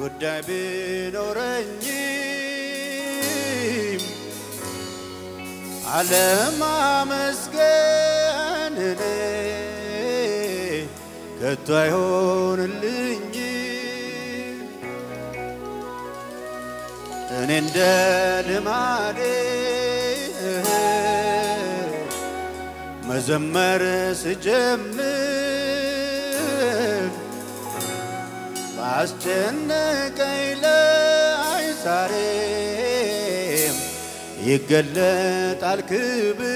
ጉዳይ ቢኖረኝም አለማመስገን ከቶ አይሆንልኝ እኔ እንደ ልማዴ መዘመር ስጀምር ባስጨነቀኝ ላይ ዛሬም ይገለጣል ክብር።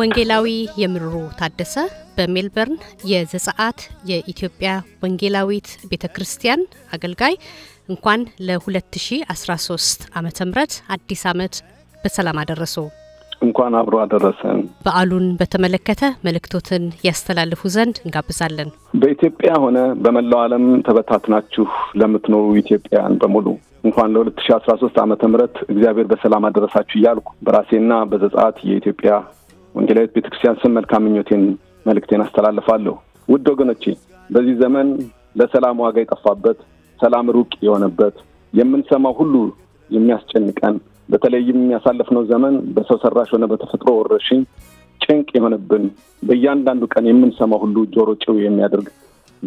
ወንጌላዊ የምሩ ታደሰ በሜልበርን የዘፀአት የኢትዮጵያ ወንጌላዊት ቤተ ክርስቲያን አገልጋይ እንኳን ለ2013 ዓ ም አዲስ ዓመት በሰላም አደረሰው። እንኳን አብሮ አደረሰን። በዓሉን በተመለከተ መልእክቶትን ያስተላልፉ ዘንድ እንጋብዛለን። በኢትዮጵያ ሆነ በመላው ዓለም ተበታትናችሁ ለምትኖሩ ኢትዮጵያውያን በሙሉ እንኳን ለ2013 ዓ. ሶስት ዓመተ ምህረት እግዚአብሔር በሰላም አደረሳችሁ እያልኩ በራሴና በዘጸአት የኢትዮጵያ ወንጌላዊት ቤተ ክርስቲያን ስም መልካም ምኞቴን መልእክቴን አስተላልፋለሁ። ውድ ወገኖቼ በዚህ ዘመን ለሰላም ዋጋ የጠፋበት፣ ሰላም ሩቅ የሆነበት፣ የምንሰማው ሁሉ የሚያስጨንቀን በተለይም ያሳለፍነው ዘመን በሰው ሰራሽ ሆነ በተፈጥሮ ወረርሽኝ ጭንቅ የሆነብን በእያንዳንዱ ቀን የምንሰማው ሁሉ ጆሮ ጭው የሚያደርግ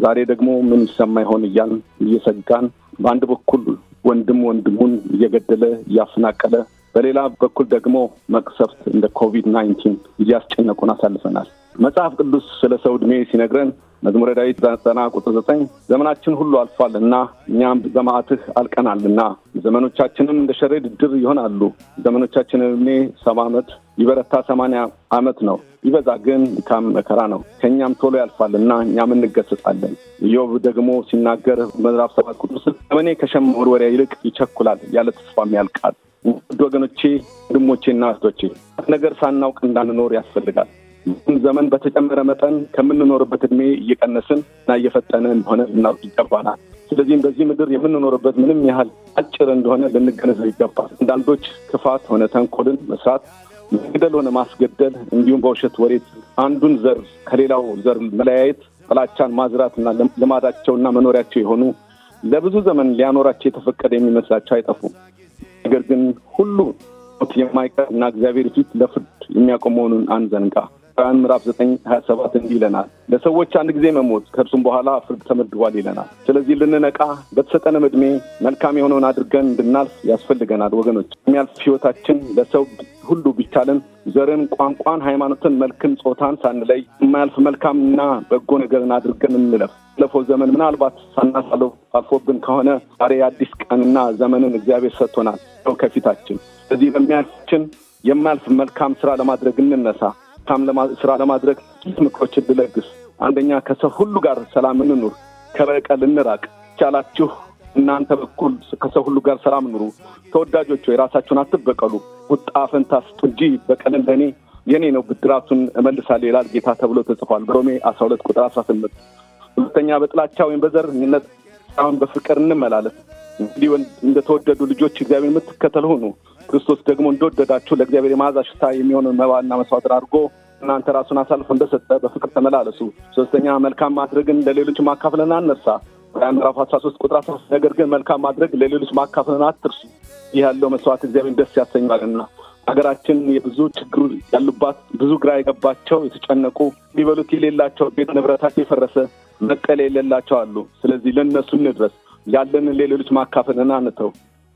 ዛሬ ደግሞ ምን ይሰማ ይሆን እያል እየሰጋን በአንድ በኩል ወንድም ወንድሙን እየገደለ እያፈናቀለ፣ በሌላ በኩል ደግሞ መቅሰፍት እንደ ኮቪድ ናይንቲን እያስጨነቁን አሳልፈናል። መጽሐፍ ቅዱስ ስለ ሰው እድሜ ሲነግረን መዝሙረ ዳዊት ዘጠና ቁጥር ዘጠኝ ዘመናችን ሁሉ አልፏልና እኛም በመዓትህ አልቀናልና ዘመኖቻችንም እንደ ሸረሪት ድር ይሆናሉ። ዘመኖቻችን እድሜ ሰባ ዓመት ይበረታ ሰማንያ ዓመት ነው፣ ይበዛ ግን ድካም መከራ ነው። ከእኛም ቶሎ ያልፋልና እኛም እንገሰጻለን። ኢዮብ ደግሞ ሲናገር ምዕራፍ ሰባት ቁጥር ስ ዘመኔ ከሸማ መወርወሪያ ይልቅ ይቸኩላል፣ ያለ ተስፋም ያልቃል። ውድ ወገኖቼ፣ ወንድሞቼና እህቶቼ ነገር ሳናውቅ እንዳንኖር ያስፈልጋል። ዘመን በተጨመረ መጠን ከምንኖርበት እድሜ እየቀነስን እና እየፈጠነ እንደሆነ ልናውቅ ይገባናል። ስለዚህም በዚህ ምድር የምንኖርበት ምንም ያህል አጭር እንደሆነ ልንገነዘብ ይገባል። አንዳንዶች ክፋት ሆነ ተንኮልን መስራት፣ መግደል ሆነ ማስገደል፣ እንዲሁም በውሸት ወሬት አንዱን ዘር ከሌላው ዘር መለያየት፣ ጥላቻን ማዝራትና ልማዳቸውና መኖሪያቸው የሆኑ ለብዙ ዘመን ሊያኖራቸው የተፈቀደ የሚመስላቸው አይጠፉም። ነገር ግን ሁሉ ሞት የማይቀር እና እግዚአብሔር ፊት ለፍርድ የሚያቆም መሆኑን አንዘንጋ። ዕብራውያን ምዕራፍ ዘጠኝ ሀያ ሰባት እንዲህ ይለናል፣ ለሰዎች አንድ ጊዜ መሞት ከእርሱም በኋላ ፍርድ ተመድቧል ይለናል። ስለዚህ ልንነቃ በተሰጠንም እድሜ መልካም የሆነውን አድርገን እንድናልፍ ያስፈልገናል። ወገኖች የሚያልፍ ህይወታችን ለሰው ሁሉ ቢቻልን ዘርን፣ ቋንቋን፣ ሃይማኖትን፣ መልክን፣ ጾታን ሳንለይ የማያልፍ መልካምና በጎ ነገርን አድርገን እንለፍ። ለፎ ዘመን ምናልባት ሳናሳልፍ አልፎብን ከሆነ ዛሬ አዲስ ቀንና ዘመንን እግዚአብሔር ሰጥቶናል ከፊታችን። ስለዚህ በሚያልችን የማያልፍ መልካም ስራ ለማድረግ እንነሳ። መልካም ስራ ለማድረግ ጥቂት ምክሮችን ልለግስ። አንደኛ ከሰው ሁሉ ጋር ሰላም እንኑር፣ ከበቀል እንራቅ። ቻላችሁ እናንተ በኩል ከሰው ሁሉ ጋር ሰላም ኑሩ። ተወዳጆች ሆይ ራሳችሁን አትበቀሉ፣ ቁጣ ፈንታ ስጡ እንጂ በቀልን ለእኔ የኔ ነው፣ ብድራቱን እመልሳለሁ ይላል ጌታ ተብሎ ተጽፏል በሮሜ አስራ ሁለት ቁጥር አስራ ስምንት ሁለተኛ በጥላቻ ወይም በዘረኝነት ሳይሆን በፍቅር እንመላለስ። እንግዲህ እንደተወደዱ ልጆች እግዚአብሔር የምትከተል ሆኑ ክርስቶስ ደግሞ እንደወደዳችሁ ለእግዚአብሔር የመዓዛ ሽታ የሚሆን መባና መስዋዕት አድርጎ እናንተ ራሱን አሳልፎ እንደሰጠ በፍቅር ተመላለሱ። ሶስተኛ መልካም ማድረግን ለሌሎች ማካፍለን አነሳ ራዕይ ምዕራፍ አስራ ሶስት ቁጥር አስራ ሶስት ነገር ግን መልካም ማድረግ ለሌሎች ማካፍለን አትርሱ፣ ይህ ያለው መስዋዕት እግዚአብሔር ደስ ያሰኛልና። ሀገራችን የብዙ ችግር ያሉባት ብዙ ግራ የገባቸው የተጨነቁ የሚበሉት የሌላቸው ቤት ንብረታቸው የፈረሰ መቀለ የሌላቸው አሉ። ስለዚህ ለእነሱ እንድረስ፣ ያለንን ለሌሎች ማካፈልና አንተው።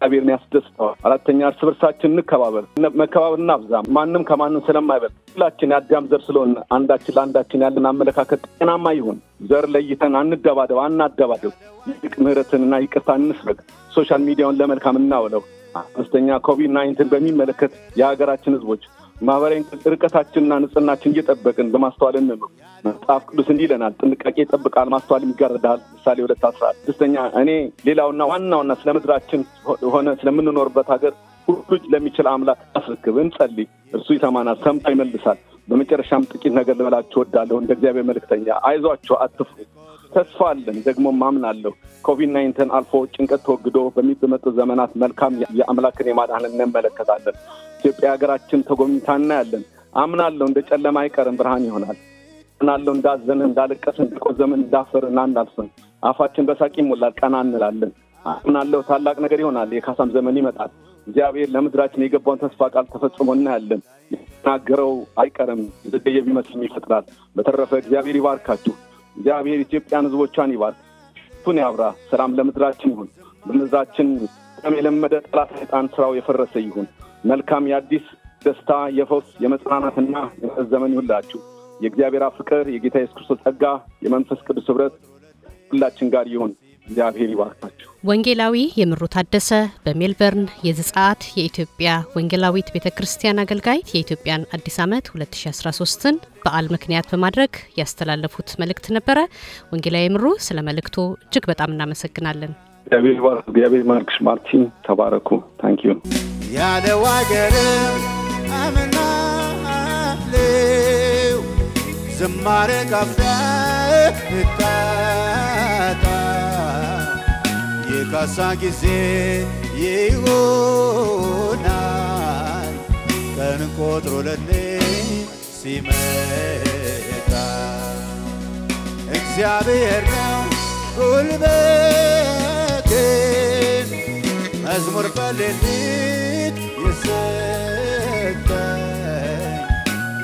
እግዚአብሔርን ያስደስተዋል። አራተኛ እርስ በርሳችን እንከባበር፣ መከባበር እናብዛ። ማንም ከማንም ስለማይበል ሁላችን የአዳም ዘር ስለሆነ አንዳችን ለአንዳችን ያለን አመለካከት ጤናማ ይሁን። ዘር ለይተን አንደባደብ፣ አናደባደብ። ይልቅ ምህረትንና ይቅርታ እንስበክ። ሶሻል ሚዲያውን ለመልካም እናውለው። አምስተኛ ኮቪድ ናይንቲን በሚመለከት የሀገራችን ህዝቦች ማህበራዊ ርቀታችንና ንጽህናችን እየጠበቅን በማስተዋል እንኑር። መጽሐፍ ቅዱስ እንዲህ ይለናል፣ ጥንቃቄ ይጠብቃል፣ ማስተዋል ይጋርዳል። ምሳሌ ሁለት አስራ ስድስተኛ እኔ ሌላውና ዋናውና ስለ ምድራችን ሆነ ስለምንኖርበት ሀገር ሁሉ ለሚችል አምላክ አስርክብ፣ እንጸልይ፣ እርሱ ይሰማናል፣ ሰምታ ይመልሳል። በመጨረሻም ጥቂት ነገር ልበላችሁ እወዳለሁ እንደ እግዚአብሔር መልእክተኛ፣ አይዟችሁ፣ አትፍሩ። ተስፋ አለን። ደግሞ ማምናለሁ ኮቪድ ናይንተን አልፎ ጭንቀት ተወግዶ በሚመጡ ዘመናት መልካም የአምላክን የማዳህን እንመለከታለን። ኢትዮጵያ ሀገራችን ተጎብኝታ እናያለን። አምናለሁ እንደ ጨለማ አይቀርም ብርሃን ይሆናል። አምናለሁ እንዳዘን እንዳለቀስን፣ እንደቆዘምን፣ እና እንዳልፍን አፋችን በሳቂ ይሞላል። ቀና እንላለን። አምናለሁ ታላቅ ነገር ይሆናል። የካሳም ዘመን ይመጣል። እግዚአብሔር ለምድራችን የገባውን ተስፋ ቃል ተፈጽሞ እናያለን። የተናገረው አይቀርም። ዘገየ ቢመስል ይፈጥራል። በተረፈ እግዚአብሔር ይባርካችሁ። እግዚአብሔር ኢትዮጵያን ህዝቦቿን ይባርክ፣ ቱን ያብራ። ሰላም ለምድራችን ይሁን። በምድራችን በጣም የለመደ ጠላት ሰይጣን ስራው የፈረሰ ይሁን። መልካም የአዲስ ደስታ የፈውስ የመጽናናትና የምሕረት ዘመን ይሁንላችሁ። የእግዚአብሔር ፍቅር የጌታ የሱስ ክርስቶስ ጸጋ የመንፈስ ቅዱስ ህብረት ሁላችን ጋር ይሁን። እግዚአብሔር ይባርካቸው። ወንጌላዊ የምሩ ታደሰ በሜልበርን የዝጻት የኢትዮጵያ ወንጌላዊት ቤተ ክርስቲያን አገልጋይ የኢትዮጵያን አዲስ ዓመት 2013ን በዓል ምክንያት በማድረግ ያስተላለፉት መልእክት ነበረ። ወንጌላዊ ምሩ ስለ መልእክቱ እጅግ በጣም እናመሰግናለን። እግዚአብሔር ማርክስ ማርቲን ተባረኩ። ታንኪዩ ያለ ዋገር አምናለው ዝማሬ ጋብዳ በካሳ ጊዜ ይሆናል ቀን ቆጥሮ ለሌት ሲመጣ እግዚአብሔር ነው ጉልበቴ መዝሙር በሌሊት የሰጠኝ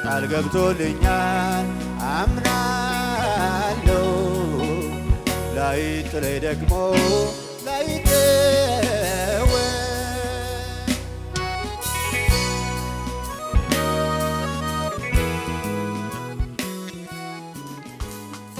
ቃል ገብቶልኛል አምናለሁ ላይ ጥለይ ደግሞ